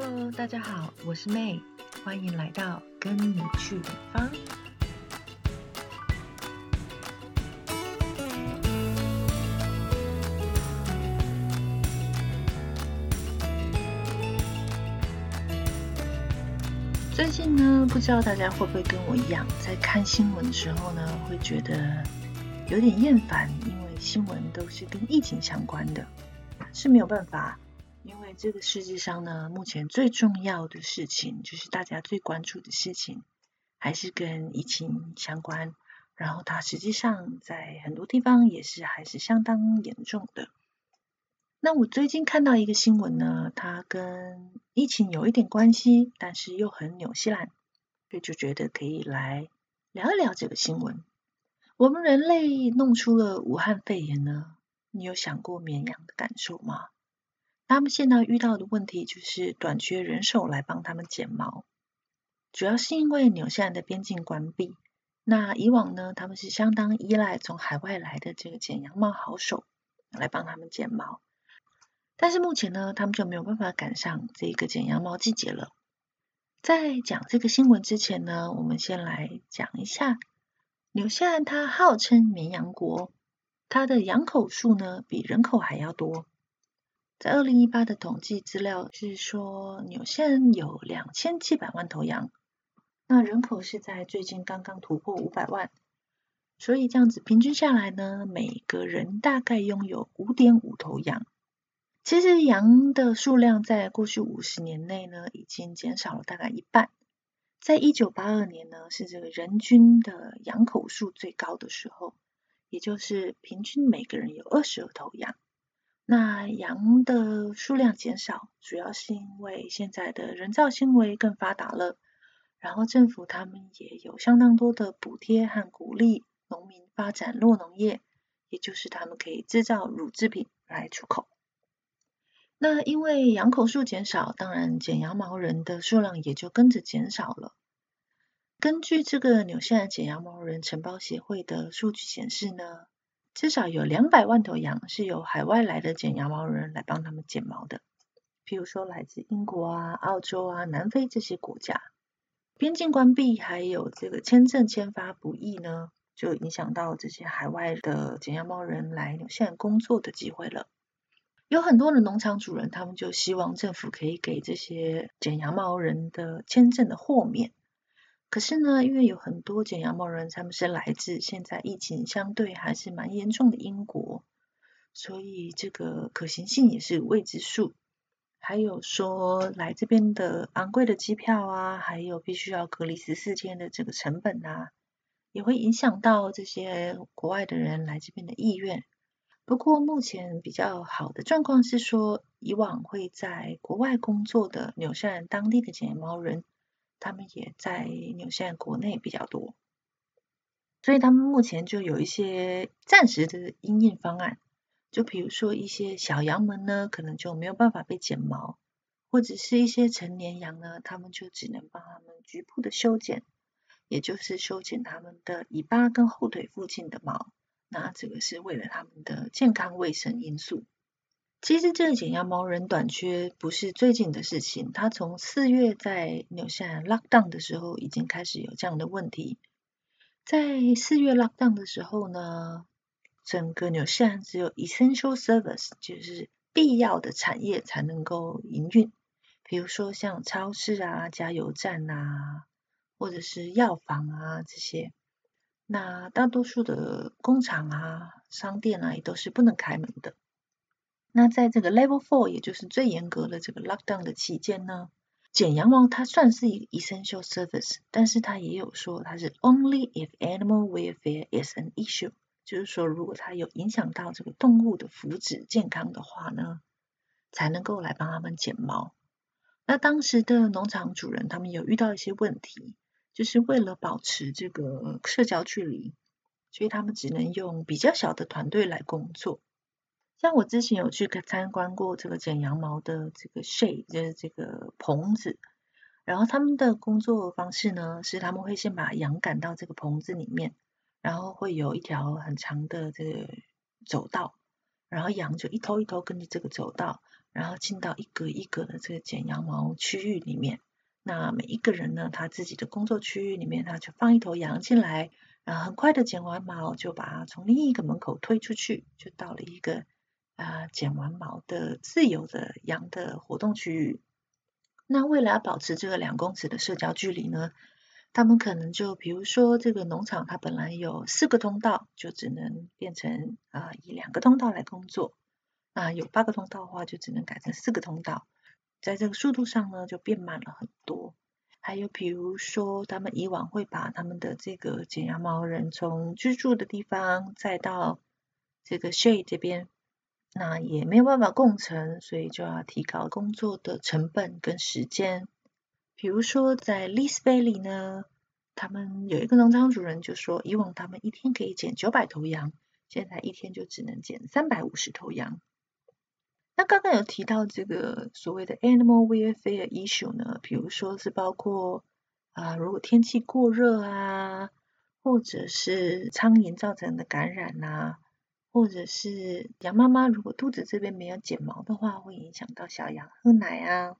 Hello，大家好，我是 May，歡迎來到跟你去的方。最近呢，不知道大家會不會跟我一樣，在看新聞的時候呢，會覺得有點厭煩，因為新聞都是跟疫情相關的，是沒有辦法。因為這個世界上呢，目前最重要的事情就是大家最關注的事情，還是跟疫情相關。然後它實際上在很多地方也是還是相當嚴重的。那我最近看到一個新聞呢，它跟疫情有一點關係，但是又很紐西蘭，所以就覺得可以來聊一聊這個新聞。我們人類弄出了武漢肺炎呢，你有想過綿羊的感受嗎？他們現在遇到的問題就是短缺人手來幫他們剪毛，主要是因為紐西蘭的邊境關閉。那以往呢，他們是相當依賴從海外來的這個剪羊毛好手來幫他們剪毛，但是目前呢，他們就沒有辦法趕上這個剪羊毛季節了。在講這個新聞之前呢，我們先來講一下紐西蘭，它號稱綿羊國，它的羊口數呢，比人口還要多。在二零一八的統計資料是說，紐西蘭有兩千七百萬頭羊，那人口是在最近剛剛突破五百萬，所以這樣子平均下來呢，每個人大概擁有五點五頭羊。其實羊的數量在過去五十年內呢，已經減少了大概一半。在一九八二年呢，是這個人均的羊口數最高的時候，也就是平均每個人有二十二頭羊。那羊的數量減少，主要是因為現在的人造纖維更發達了，然後政府他們也有相當多的補貼和鼓勵農民發展酪農業，也就是他們可以製造乳製品來出口。那因為羊口數減少，當然剪羊毛人的數量也就跟着減少了。根據這個紐西蘭剪羊毛人承包協會的數據顯示呢。至少有兩百萬頭羊是由海外來的剪羊毛人來幫他們剪毛的，譬如說來自英國啊、澳洲啊、南非這些國家。邊境關閉還有這個簽證簽發不易呢，就影響到這些海外的剪羊毛人來紐西蘭工作的機會了。有很多的農場主人他們就希望政府可以給這些剪羊毛人的簽證的豁免。可是呢，因為有很多剪羊毛人，他們是來自現在疫情相對還是蠻嚴重的英國，所以這個可行性也是未知數。還有說來這邊的昂貴的機票啊，還有必須要隔離十四天的這個成本啊，也會影響到這些國外的人來這邊的意願。不過目前比較好的狀況是說，以往會在國外工作的紐西蘭當地的剪羊毛人。他們也在紐西蘭國內比較多，所以他們目前就有一些暫時的因應方案，就比如說一些小羊們呢，可能就沒有辦法被剪毛，或者是一些成年羊呢，他們就只能幫他們局部的修剪，也就是修剪他們的尾巴跟後腿附近的毛，那這個是為了他們的健康衛生因素。其實，這剪羊毛人短缺不是最近的事情。他從四月在紐西蘭 lockdown 的時候已經開始有這樣的問題。在四月 lockdown 的時候呢，整個紐西蘭只有 essential service，就是必要的產業才能夠營運，比如說像超市啊、加油站吶、啊，或者是藥房啊這些。那大多數的工廠啊、商店啊也都是不能開門的。那在這個 Level Four，也就是最嚴格的這個 Lockdown 的期間呢，剪羊毛它算是一個 Essential Service，但是它也有說它是 Only if animal welfare is an issue，就是說如果它有影響到這個動物的福祉健康的話呢，才能夠來幫他們剪毛。那當時的農場主人他們有遇到一些問題，就是為了保持這個社交距離，所以他們只能用比較小的團隊來工作。像我之前有去跟參觀過這個剪羊毛的這個 shed，就是這個棚子。然後他們的工作方式呢，是他們會先把羊趕到這個棚子裡面，然後會有一條很長的這個走道，然後羊就一頭一頭跟着這個走道，然後進到一格一格的這個剪羊毛區域裡面。那每一個人呢，他自己的工作區域裡面，他就放一頭羊進來，然後很快的剪完毛，就把它從另一個門口推出去，就到了一個。啊，剪完毛的自由的羊的活動區域。那為了要保持這個兩公尺的社交距離呢，他們可能就比如說，這個農場它本來有四個通道，就只能變成啊、呃，以兩個通道來工作。啊、呃，有八個通道的話，就只能改成四個通道。在這個速度上呢，就變慢了很多。還有比如說，他們以往會把他們的這個剪羊毛人從居住的地方再到這個 shed 這邊。那也沒有辦法共存，所以就要提高工作的成本跟時間。比如說在 Lees Valley 呢，他們有一個農場主人就說，以往他們一天可以剪九百頭羊，現在一天就只能剪三百五十頭羊。那剛剛有提到這個所謂的 Animal Welfare Issue 呢，比如說是包括啊、呃，如果天氣過熱啊，或者是蒼蠅造成的感染吶、啊。或者是羊媽媽如果肚子這邊沒有剪毛的話，會影響到小羊喝奶啊。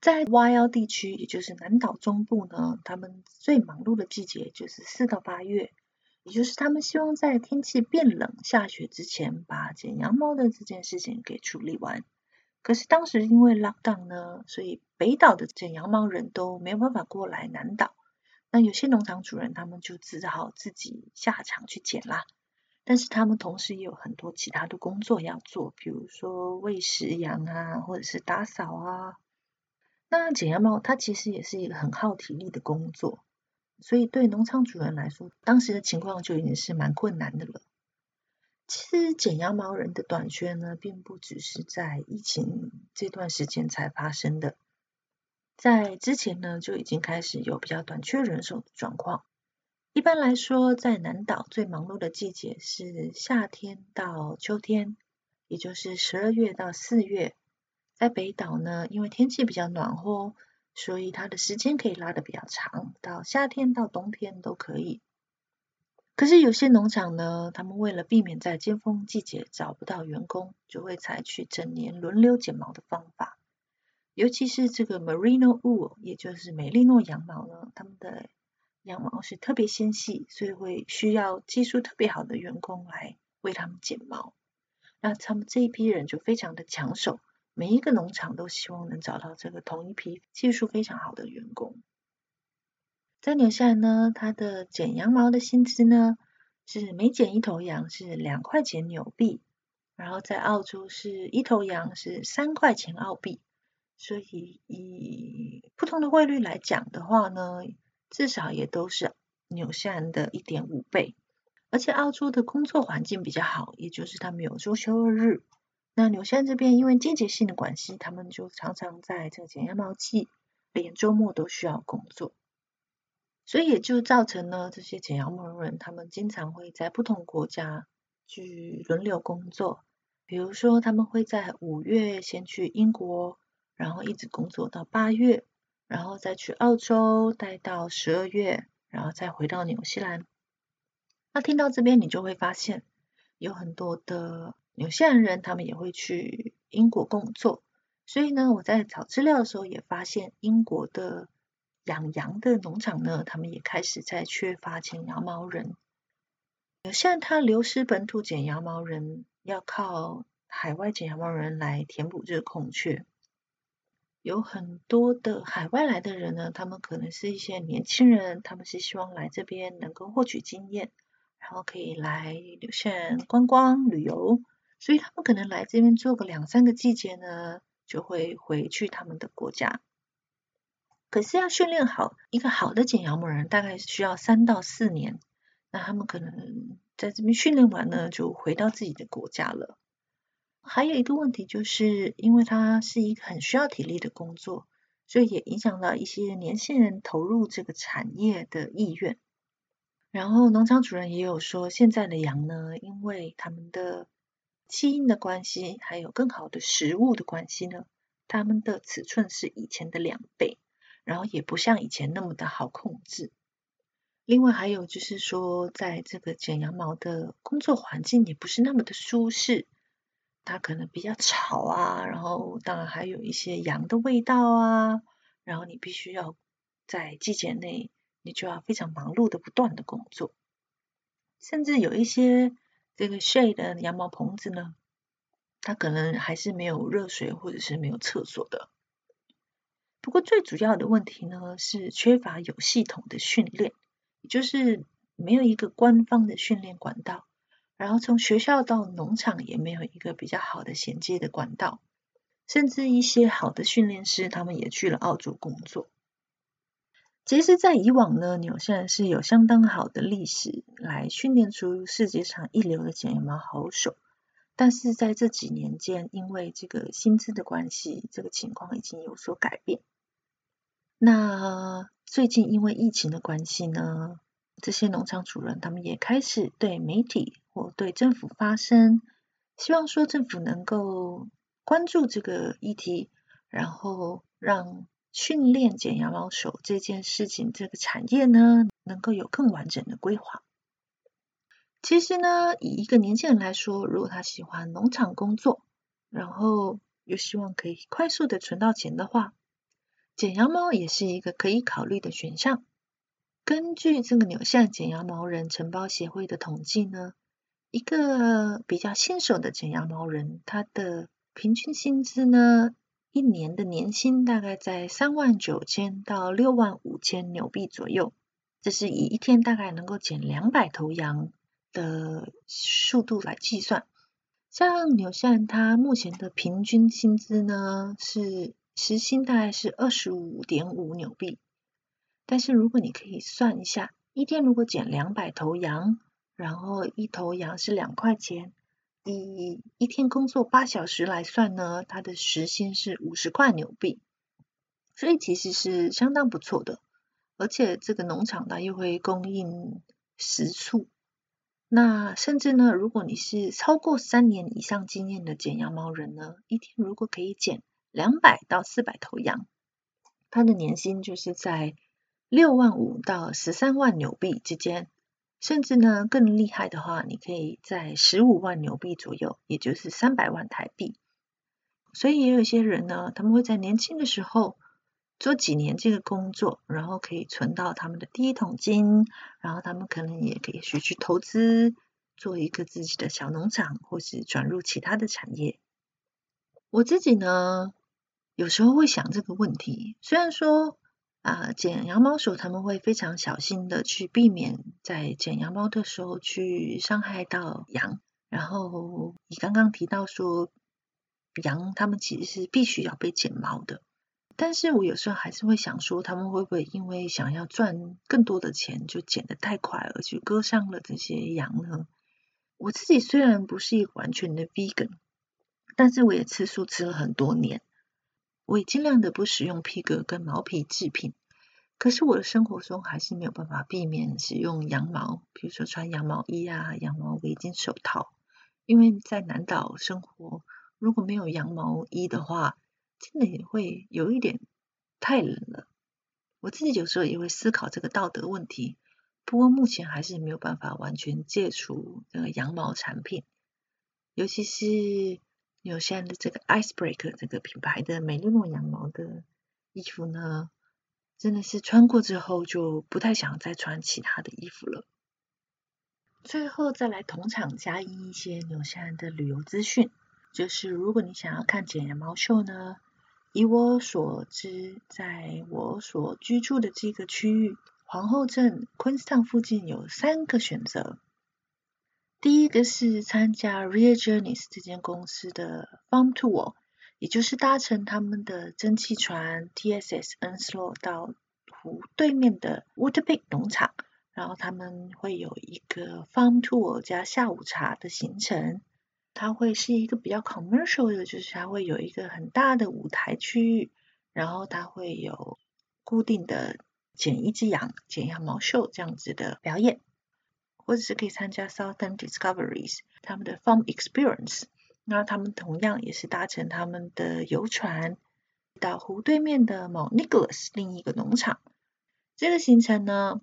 在 Y 島地區，也就是南島中部呢，他們最忙碌的季節就是四到八月，也就是他們希望在天氣變冷下雪之前，把剪羊毛的這件事情給處理完。可是當時因為 Lockdown 呢，所以北島的剪羊毛人都沒有辦法過來南島，那有些農場主人他們就只好自己下場去剪啦。但是他們同時也有很多其他的工作要做，比如說餵食羊啊，或者是打掃啊。那剪羊毛它其實也是一個很耗體力的工作，所以對農場主人來說，當時的情況就已經是蠻困難的了。其實剪羊毛人的短缺呢，並不只是在疫情這段時間才發生的，在之前呢就已經開始有比較短缺人手的狀況。一般來說，在南島最忙碌的季節是夏天到秋天，也就是十二月到四月。在北島呢，因為天氣比較暖和，所以它的時間可以拉得比較長，到夏天到冬天都可以。可是有些農場呢，他們為了避免在尖峰季節找不到員工，就會採取整年輪流剪毛的方法。尤其是這個 Merino Wool，也就是美麗諾羊毛呢，他們的。羊毛是特別纖細，所以會需要技術特別好的員工來為他們剪毛。那他們這一批人就非常的搶手，每一個農場都希望能找到這個同一批技術非常好的員工。在紐西蘭呢，他的剪羊毛的薪資呢是每剪一頭羊是兩塊錢紐幣，然後在澳洲是一頭羊是三塊錢澳幣。所以以不同的匯率來講的話呢，至少也都是紐西蘭的一點五倍，而且澳洲的工作環境比較好，也就是他們有周休二日。那紐西蘭這邊因為季節性的關係，他們就常常在這個剪羊毛季連周末都需要工作，所以也就造成了這些剪羊毛人他們經常會在不同國家去輪流工作。比如說，他們會在五月先去英國，然後一直工作到八月。然後再去澳洲待到十二月，然後再回到紐西蘭。那聽到這邊，你就會發現有很多的紐西蘭人，他們也會去英國工作。所以呢，我在找資料的時候也發現，英國的養羊，羊的農場呢，他們也開始在缺乏剪羊毛人。有些人他流失本土剪羊毛人，要靠海外剪羊毛人來填補這個空缺。有很多的海外來的人呢，他們可能是一些年輕人，他們是希望來這邊能夠獲取經驗，然後可以來留些觀光旅遊，所以他們可能來這邊做個兩三個季節呢，就會回去他們的國家。可是要訓練好一個好的剪羊毛人，大概需要三到四年，那他們可能在這邊訓練完呢，就回到自己的國家了。還有一個問題，就是因為它是一個很需要體力的工作，所以也影響到一些年輕人投入這個產業的意願。然後農場主人也有說，現在的羊呢，因為他們的基因的關係，還有更好的食物的關係呢，它們的尺寸是以前的兩倍，然後也不像以前那麼的好控制。另外還有就是說，在這個剪羊毛的工作環境也不是那麼的舒適。它可能比較吵啊，然後當然還有一些羊的味道啊，然後你必須要在季節內，你就要非常忙碌的不斷的工作，甚至有一些這個 shed 的羊毛棚子呢，它可能還是沒有熱水或者是沒有廁所的。不過最主要的問題呢，是缺乏有系統的訓練，也就是沒有一個官方的訓練管道。然後從學校到農場也沒有一個比較好的銜接的管道，甚至一些好的訓練師他們也去了澳洲工作。其實，在以往呢，紐西蘭是有相當好的歷史來訓練出世界上一流的剪羊毛好手，但是在這幾年間，因為這個薪資的關係，這個情況已經有所改變。那最近因為疫情的關係呢，這些農場主人他們也開始對媒體或對政府發聲，希望說政府能夠關注這個議題，然後讓訓練剪羊毛手這件事情，這個產業呢，能夠有更完整的規劃。其實呢，以一個年輕人來說，如果他喜歡農場工作，然後又希望可以快速的存到錢的話，剪羊毛也是一個可以考慮的選項。根據這個紐西蘭剪羊毛人承包協會的統計呢，一個比較新手的剪羊毛人，他的平均薪資呢，一年的年薪大概在三萬九千到六萬五千紐幣左右。這是以一天大概能夠剪兩百頭羊的速度來計算。像紐西蘭它他目前的平均薪資呢，是時薪大概是二十五點五紐幣。但是如果你可以算一下，一天如果剪兩百頭羊，然後一頭羊是兩塊錢，以一天工作八小時來算呢，它的時薪是五十塊紐幣，所以其實是相當不錯的。而且這個農場呢又會供應食宿，那甚至呢，如果你是超過三年以上經驗的剪羊毛人呢，一天如果可以剪兩百到四百頭羊，他的年薪就是在六萬五到十三萬紐幣之間，甚至呢更厲害的話，你可以在十五萬紐幣左右，也就是三百萬台幣。所以也有一些人呢，他們會在年輕的時候做幾年這個工作，然後可以存到他們的第一桶金，然後他們可能也可以去去投資，做一個自己的小農場，或是轉入其他的產業。我自己呢，有時候會想這個問題，雖然說。啊、呃，剪羊毛手他們會非常小心的去避免在剪羊毛的時候去傷害到羊。然後你剛剛提到說，羊他們其實是必須要被剪毛的，但是我有時候還是會想說，他們會不會因為想要賺更多的錢，就剪得太快而去割傷了這些羊呢？我自己雖然不是一個完全的 vegan，但是我也吃素吃了很多年。我也盡量的不使用皮革跟毛皮製品，可是我的生活中還是沒有辦法避免使用羊毛，比如說穿羊毛衣啊、羊毛圍巾、手套，因為在南島生活，如果沒有羊毛衣的話，真的也會有一點太冷了。我自己有時候也會思考這個道德問題，不過目前還是沒有辦法完全戒除這個羊毛產品，尤其是。紐西蘭的這個 Icebreaker 這個品牌的美利諾羊毛的衣服呢，真的是穿過之後就不太想再穿其他的衣服了。最後再來同場加映一些紐西蘭的旅遊資訊，就是如果你想要看剪羊毛秀呢，以我所知，在我所居住的這個區域皇後鎮、昆士敦附近有三個選擇。第一個是參加 Real Journeys 這間公司的 Farm Tour，也就是搭乘他們的蒸汽船 TSS Earnslaw 到湖對面的 Walter Peak 農場，然後他們會有一個 Farm Tour 加下午茶的行程。它會是一個比較 commercial 的，就是它會有一個很大的舞台區域，然後它會有固定的剪一隻羊、剪羊毛秀這樣子的表演。或者是可以參加 Southern Discoveries 他們的 Farm Experience，那他們同樣也是搭乘他們的遊船到湖對面的 Mount Nicholas 另一個農場。這個行程呢，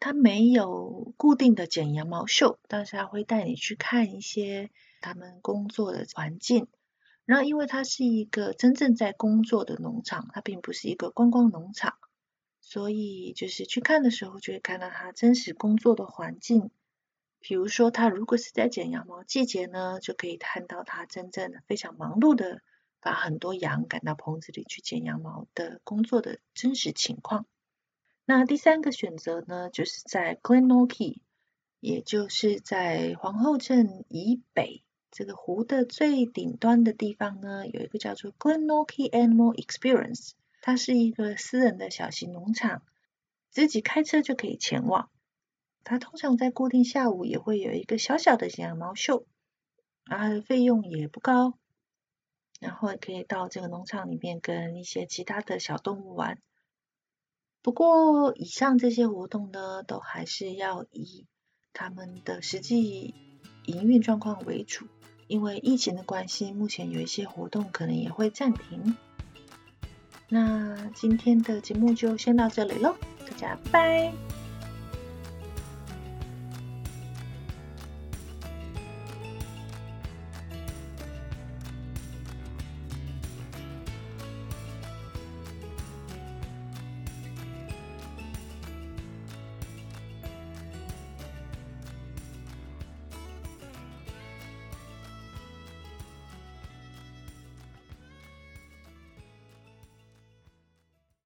它沒有固定的剪羊毛秀，但是它會帶你去看一些他們工作的環境。然後，因為它是一個真正在工作的農場，它並不是一個觀光農場，所以就是去看的時候就會看到它真實工作的環境。比如說，他如果是在剪羊毛季節呢，就可以看到他真正非常忙碌的把很多羊趕到棚子裡去剪羊毛的工作的真實情況。那第三個選擇呢，就是在 Glenorchy，也就是在皇後鎮以北這個湖的最頂端的地方呢，有一個叫做 Glenorchy Animal Experience，它是一個私人的小型農場，自己開車就可以前往。它通常在固定下午也會有一個小小的羊毛秀，而費用也不高，然後也可以到這個農場裡面跟一些其他的小動物玩。不過，以上這些活動呢，都還是要以他們的實際營運狀況為主，因為疫情的關係，目前有一些活動可能也會暫停。那今天的節目就先到這裡嘍，大家拜。